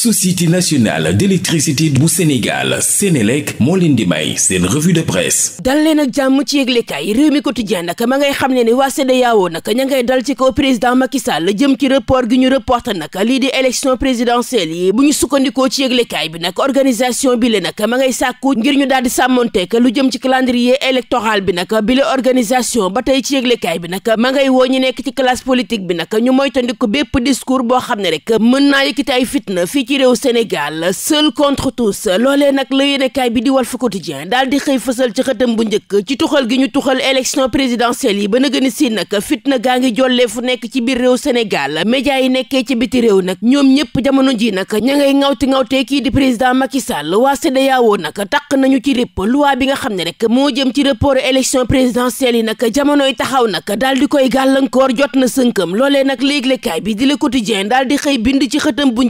société nationale d'électricité bu Sénégal Sénélec moo leen di may seen revue de presse dal leen ak jàmm ci yëglekaay réew mi quotidien naka ma ngay xam ne ni waa CEDEAO naka ña ngay dal ci kaw président Macky Sall jëm ci report gi ñu reporté naka lii di élection présidentielle yi bu ñu sukkandikoo ci yëglekaay bi nag organisation bi le naka ma ngay sàkku ngir ñu daal di sàmmonteek lu jëm ci calendrier électoral bi naka bi le organisation ba tey ci yëglekaay bi naka ma ngay woo ñu nekk ci classe politique bi naka ñu moytandiku bépp discours ci réew Sénégal seul contre tous loolee nag la yéenekaay bi di Walf Quotidien daal di xëy fësal ci xëtam bu njëkk ci tuxal gi ñu tuxal élection présidentielle yi ba nëgën a si fitna gaa ngi jollee nekk ci biir réew Sénégal média yi nekkee ci biti réew nag ñoom ñëpp jamono ji nag ña ŋawti ŋawtee kii di président Macky Sall waa CEDEAO nag taq nañu ci répp loi bi nga xam ne rek moo jëm ci report élection présidentielle yi nag jamonoy taxaw nag daal di koy gàllankoor na sënkam loolee nag léeglekaay bi di Le Quotidien daal di xëy bind ci xëtam bu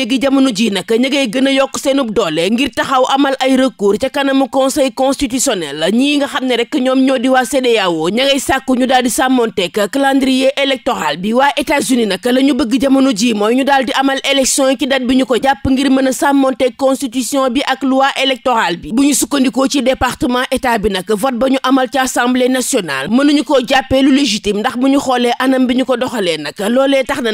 kujje gi jamono ji nag ña ngay gën a yokk seenub doole ngir taxaw amal ay recours ca kanamu conseil constitutionnel ñii nga xam ne rek ñoom ñoo di waa CEDEAO ña ngay sàkku ñu daal di sàmmonteeg calendrier électoral bi waa États-Unis nag la ñu bëgg jamono ji mooy ñu daal di amal élection yi ci date bi ñu ko jàpp ngir mën a sàmmonteeg constitution bi ak loi électorale bi bu ñu sukkandikoo ci département état bi nag vote ba ñu amal ci assemblée nationale mënuñu koo jàppee lu légitime ndax bu ñu xoolee anam bi ñu ko doxalee nag loolee na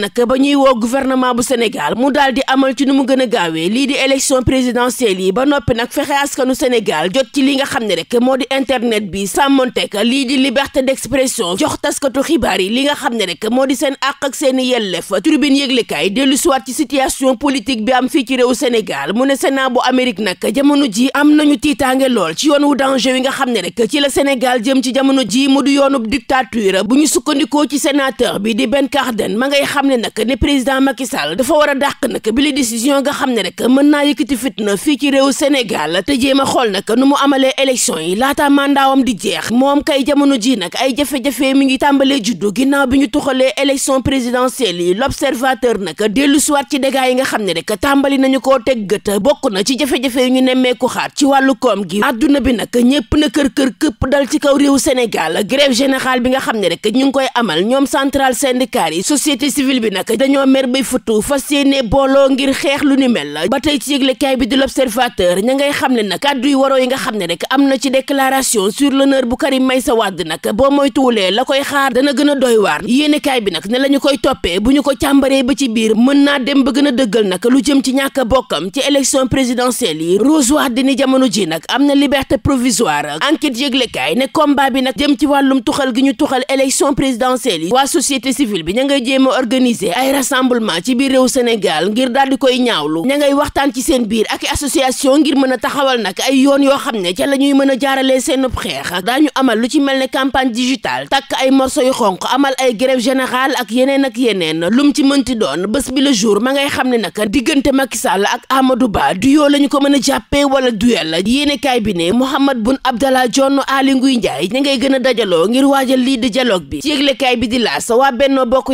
nag amal ci mu gën a gaawee lii di élection présidentielle yi ba noppi nag fexe askanu Sénégal jot ci li nga ne rek moo di internet bi sàmmonteek lii di liberté d'expression jox taskatu xibaar yi li nga xam ne rek moo di seen àq ak seen yellef tribune yëglekaay dellu siwaat ci situation politique bi am fii ci réew Sénégal mu ne Sénat bu Amérique nag jamono ji am nañu tiitaange lool ci yoon wu danger wi nga xam ne rek ci la Sénégal jëm ci jamono ji mu du yoonub dictature bu ñu sukkandikoo ci sénateur bi di Ben Cardin ma ngay xam ne nag ne président Macky Sall dafa war a dàq nag jëli décision nga xam ne rek mën naa yëkkati fitna fii ci réew Sénégal te jéem a xool nag nu mu amalee élection yi laata mandaawam di jeex moom kay jamono ji nag jafe-jafe mi ngi tàmbalee juddu ginnaaw bi ñu tuxalee élection présidentielle yi l'observateur nag dellu siwaat ci dégâts yi nga xam ne rek tàmbali nañu koo teg gët bokk na ci jafe-jafe yu ñu nemmeeku xaat ci wàllu koom gi adduna bi nag ñëpp na kër kër këpp dal ci kaw réew Sénégal grève général bi nga xam ne rek ñu ngi koy amal ñoom central syndicat yi société civile bi nag dañoo mer bay futu fas yéene booloo ngir xeex lu ni mel ba tey ci yëglekaay bi di l'observateur ña ngay xam ne nag kaddu yu waroo yi nga xam ne rek am na ci déclaration sur l'honneur bu may sa Wade nag boo moytuwulee la koy xaar dana gën a doy waar yéenekaay bi nag ne la ñu koy toppee bu ñu ko càmbaree ba ci biir mën naa dem ba gën a dëggal nag lu jëm ci ñàkk bokkam ci élection présidentielle yi Rose ni jamono ji nag am na liberté provisoire enquête yëglekaay ne combat bi nag jëm ci wàllum tuxal gi ñu tuxal élection présidentielle yi waa société civile bi ña ngay jéem a organiser ay rassemblement ci biir réew Sénégal daal di koy ñaawlu ña waxtaan ci seen biir ak association ngir mën a taxawal nag ay yoon yoo xam ne ca la ñuy mën a jaaralee seen xeex daañu amal lu ci mel ne campagne digitale takk ay morceau yu xonq amal ay grève général ak yeneen ak yeneen lum ci mënti doon bés bi le jour ma ngay xam ne nag diggante Macky Sall ak Amadou Ba du yoo la ñu ko mën a jàppee wala duel yéenekaay bi ne Mahammed Boun Abdallah Dionne ali nguy Ndiaye ña ngay gën a dajaloo ngir waajal lii di dialogue bi ci bi di laas waa Benno Bokk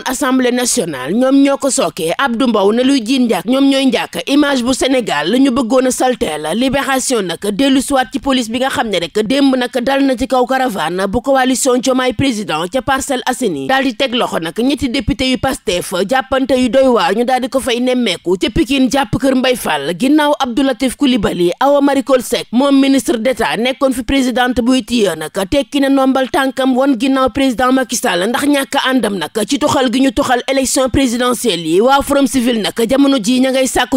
woon assemblée nationale ñoom ñoo ko sookee Abdou Mbow ne luy jiin njàkk ñoom ñooy njàkk image bu Sénégal la ñu bëggoon a salteel libération nag dellu siwaat ci police bi nga xam ne rek démb nag dal na ci kaw caravane bu coalition Diomaye président ca Parcelles Assainies daal di teg loxo nag ñetti député yu Pastef jàppante yu doy waar ñu daal di ko fay nemmeeku ca Pikine jàpp kër Mbay Fall ginnaaw Abdou Latif Coulibaly Awa Marie Coll Seck moom ministre d'État nekkoon fi présidente buy tiye nag tekki na nombal tànkam won ginnaaw président Macky Sall ndax ñàkk àndam nag ci toxa tuxal gi ñu tuxal élection présidentielle yi waa forum civil nag jamono ji ña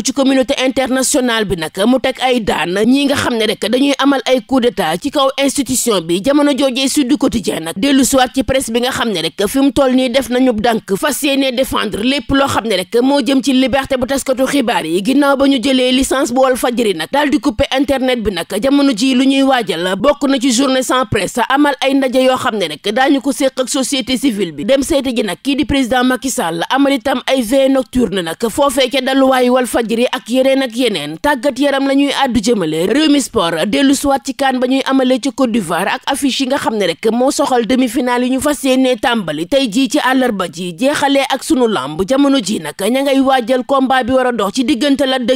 ci communauté bi mu teg ay daan ñi nga xam ne rek dañuy amal ay coup ci kaw institution bi jamono joojee Sud Quotidien nag dellu siwaat ci presse bi nga xam ne rek fi mu toll nii def nañu dànk fas yéene défendre lépp loo xam ne rek moo jëm ci liberté bu taskatu xibaar yi ginnaaw ba ñu jëlee licence bu wal ri nag daal di couper internet bi nag jamono ji lu ñuy la bokk na ci journée sans presse amal ay ndaje yoo xam ne rek daañu ko séq ak société civile bi dem seeti ji nag kii di président Macky Sall amal itam ay veillée nocturne nag foofee ca daluwaayu wal fajri ak yeneen ak yeneen tàggat yaram la ñuy àddu jëmale réew mi sport dellu suwaat ci kaan ba ñuy amalee ci Côte d'Ivoire ak affiche yi nga xam ne rek moo soxal demi-finale yi ñu fas yéenee tàmbali tey jii ci àllarba ji jeexalee ak sunu lamb jamono ji nag ña ngay waajal combat bi war a dox ci diggante la de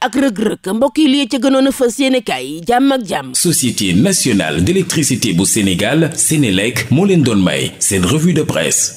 ak Reug Reug mbokk yi lii ca gënoon a fas yéene kaay jàmm ak jàmm. Société nationale d'électricité bu Sénégal Sénélec moo leen doon may seen revue de presse